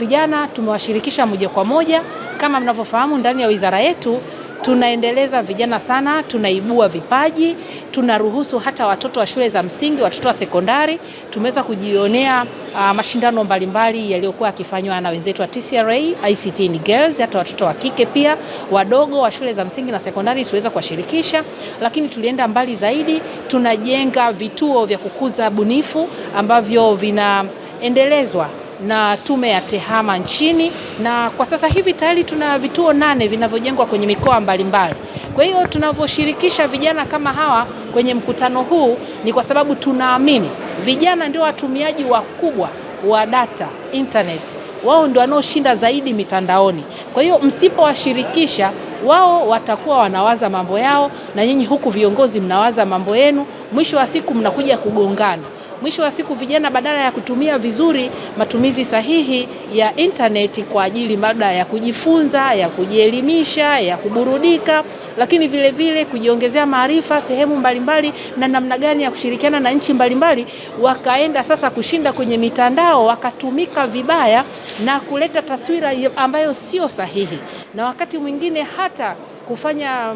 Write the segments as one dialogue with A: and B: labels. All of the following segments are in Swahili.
A: Vijana tumewashirikisha moja kwa moja. Kama mnavyofahamu, ndani ya wizara yetu tunaendeleza vijana sana, tunaibua vipaji, tunaruhusu hata watoto wa shule za msingi, watoto wa sekondari. Tumeweza kujionea uh, mashindano mbalimbali yaliyokuwa yakifanywa na wenzetu wa TCRA ICT ni girls, hata watoto wa kike pia wadogo wa shule za msingi na sekondari tuweza kuwashirikisha, lakini tulienda mbali zaidi, tunajenga vituo vya kukuza bunifu ambavyo vinaendelezwa na tume ya TEHAMA nchini, na kwa sasa hivi tayari tuna vituo nane vinavyojengwa kwenye mikoa mbalimbali. Kwa hiyo tunavyoshirikisha vijana kama hawa kwenye mkutano huu ni kwa sababu tunaamini vijana ndio watumiaji wakubwa wa data internet, wao ndio wanaoshinda zaidi mitandaoni. Kwa hiyo msipowashirikisha wao watakuwa wanawaza mambo yao na nyinyi huku viongozi mnawaza mambo yenu, mwisho wa siku mnakuja kugongana. Mwisho wa siku, vijana badala ya kutumia vizuri matumizi sahihi ya intaneti kwa ajili mada ya kujifunza, ya kujielimisha, ya kuburudika, lakini vile vile kujiongezea maarifa sehemu mbalimbali na namna gani ya kushirikiana na nchi mbalimbali, wakaenda sasa kushinda kwenye mitandao, wakatumika vibaya na kuleta taswira ambayo sio sahihi, na wakati mwingine hata kufanya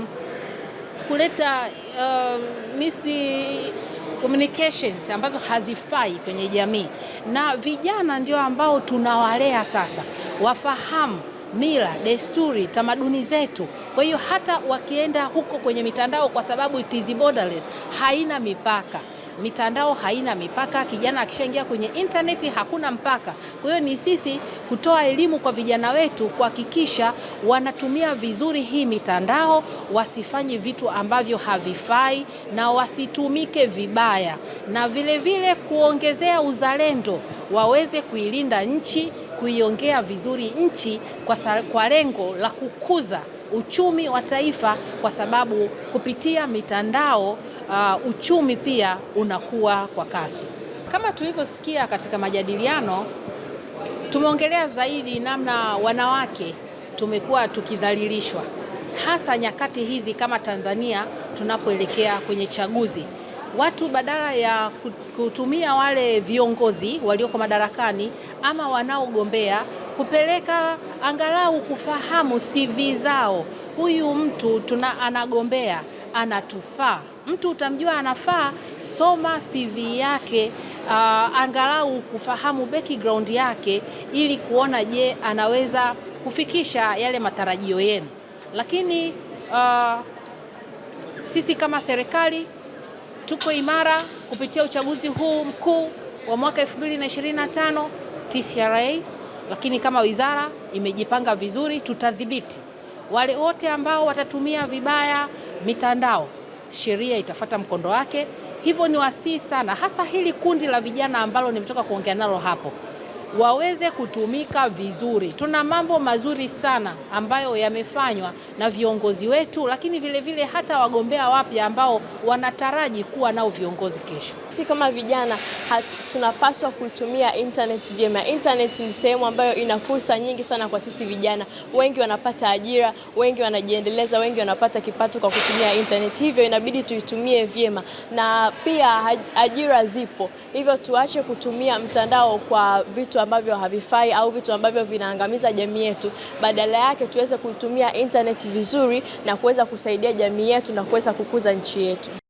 A: kuleta uh, misi communications ambazo hazifai kwenye jamii, na vijana ndio ambao tunawalea sasa, wafahamu mila, desturi, tamaduni zetu. Kwa hiyo hata wakienda huko kwenye mitandao, kwa sababu it is borderless, haina mipaka mitandao haina mipaka. Kijana akishaingia kwenye intaneti hakuna mpaka. Kwa hiyo ni sisi kutoa elimu kwa vijana wetu kuhakikisha wanatumia vizuri hii mitandao, wasifanye vitu ambavyo havifai na wasitumike vibaya, na vilevile vile kuongezea uzalendo, waweze kuilinda nchi, kuiongea vizuri nchi kwa, kwa lengo la kukuza uchumi wa taifa, kwa sababu kupitia mitandao uh, uchumi pia unakuwa kwa kasi. Kama tulivyosikia katika majadiliano, tumeongelea zaidi namna wanawake tumekuwa tukidhalilishwa hasa nyakati hizi kama Tanzania tunapoelekea kwenye chaguzi. Watu badala ya kutumia wale viongozi walioko madarakani ama wanaogombea kupeleka angalau kufahamu CV zao, huyu mtu tuna anagombea anatufaa. Mtu utamjua anafaa, soma CV yake, uh, angalau kufahamu background yake ili kuona, je, anaweza kufikisha yale matarajio yenu. Lakini uh, sisi kama serikali tuko imara kupitia uchaguzi huu mkuu wa mwaka 2025 TCRA, lakini kama wizara imejipanga vizuri, tutadhibiti wale wote ambao watatumia vibaya mitandao, sheria itafata mkondo wake. Hivyo ni wasii sana, hasa hili kundi la vijana ambalo nimetoka kuongea nalo hapo waweze kutumika vizuri. Tuna mambo mazuri sana ambayo yamefanywa na viongozi wetu, lakini vile vile hata wagombea wapya ambao wanataraji kuwa nao viongozi kesho.
B: Sisi kama vijana hatu, tunapaswa kuitumia internet vyema. Internet ni sehemu ambayo ina fursa nyingi sana kwa sisi vijana, wengi wanapata ajira, wengi wanajiendeleza, wengi wanapata kipato kwa kutumia internet, hivyo inabidi tuitumie vyema, na pia ajira zipo, hivyo tuache kutumia mtandao kwa vitu ambavyo havifai au vitu ambavyo vinaangamiza jamii yetu, badala yake tuweze kuitumia intaneti vizuri na kuweza kusaidia jamii yetu na kuweza kukuza nchi yetu.